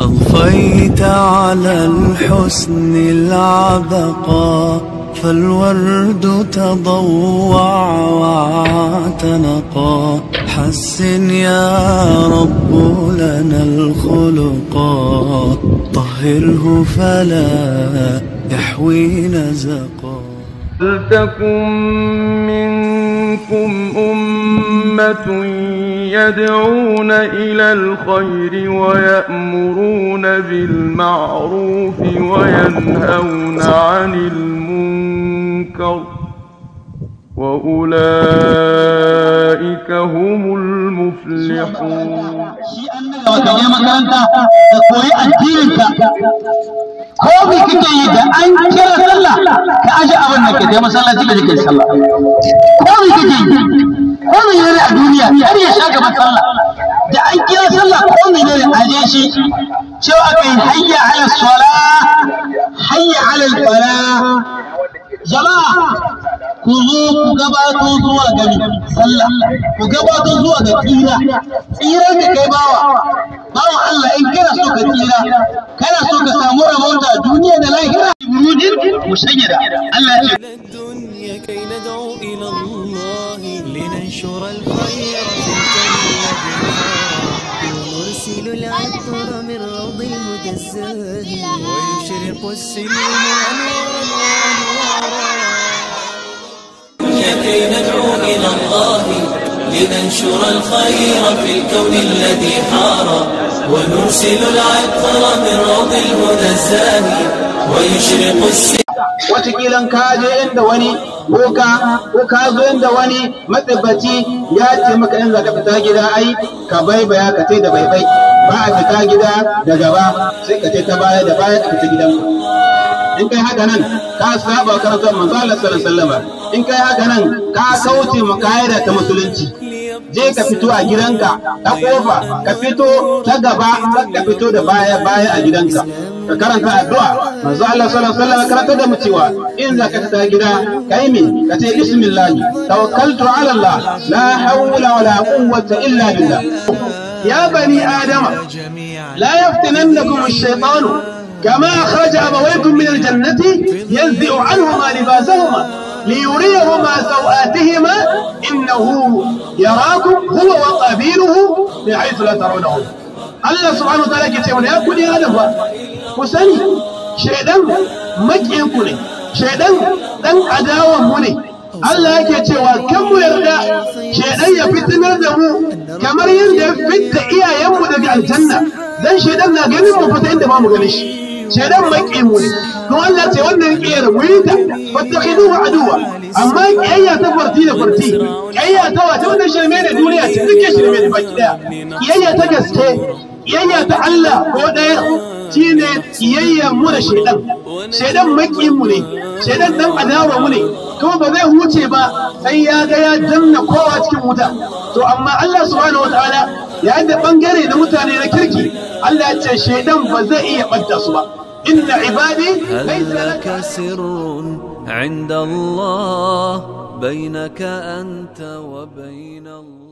أضفيت على الحسن العبقى فالورد تضوع واعتنقا حسن يا رب لنا الخلقا طهره فلا يحوي نزقا لتكن من منكم أمة يدعون إلى الخير ويأمرون بالمعروف وينهون عن المنكر وأولئك هم المفلحون ko bi ka aje abin nan ka je masallaci ka je kai sallah ko me kake yi ko me a duniya har ya sha gaban sallah da an kira sallah ko me ne aje shi cewa aka yi hayya ala sala hayya ala fala jama'a ku zo ku gabato zuwa ga sallah ku gabato zuwa ga tsira tsira ka kai bawa bawa Allah in kana so ka tsira kana so ka samu rabauta duniya da lahira مسيرة ألا الدنيا كي ندعو إلى الله لننشر الخير ونرسل العطر من روض الهدى الزاهي ويشرق السلم أنوارا الدنيا كي ندعو إلى الله لننشر الخير في الكون الذي حار ونرسل العطر من روض الهدى الزاهي ويشرق السلم watakilan ka je inda wani ka ko ka zo inda wani matsabaci ya ce maka in ka fita gida ai ka bai baya ka tai da bai bai ba a fita gida da gaba sai ka tai ta baya da baya ka fita gidan in kai haka nan ka saba karantar manzo Allah sallallahu alaihi wasallam in kai haka nan ka kauce makaida ta musulunci je ka fito a gidanka ta kofa ka fito ta gaba ka fito da baya baya a gidanka ka karanta addu'a manzo Allah sallallahu alaihi wasallam karanta da mu cewa in zaka fita gida kai mi ka ce bismillah tawakkaltu ala Allah la hawla wala quwwata illa billah ya bani adama la yaftinannakum ash-shaytanu كما أخرج أبويكم من الجنة ينزع عنهما لباسهما ليريهما سوآتهما إنه يراكم هو وقبيله من حيث لا ترونهم الله سبحانه وتعالى كتير يا بني آدم ku sani shaidan ku ne shaidan ɗan mu ne Allah yake cewa kan mu yarda shaidan ya fitinar da mu kamar yadda ya fitta iyayenmu daga aljanna dan shaidan na ganin mu fita inda ba mu ganin shi shedan maƙi mu ne don Allah ce wannan ƙiyar mu yi ta wata wa aduwa amma ƙiyayya ta farti da farti ƙiyayya ta wata wannan shirme ne duniya ce duk shirme ne baki daya ƙiyayya ta gaske ƙiyayya ta Allah ko ɗaya shine ƙiyayya mu da shedan shedan maƙi mu ne shedan dan adawa mu ne To ba zai huce ba sai ya ga ya danna kowa cikin wuta to amma Allah subhanahu wataala yayin da bangare na mutane na kirki Allah ya ce shaidan ba zai iya ɓadda su ba إن عبادي ليس لك سر عند الله بينك أنت وبين الله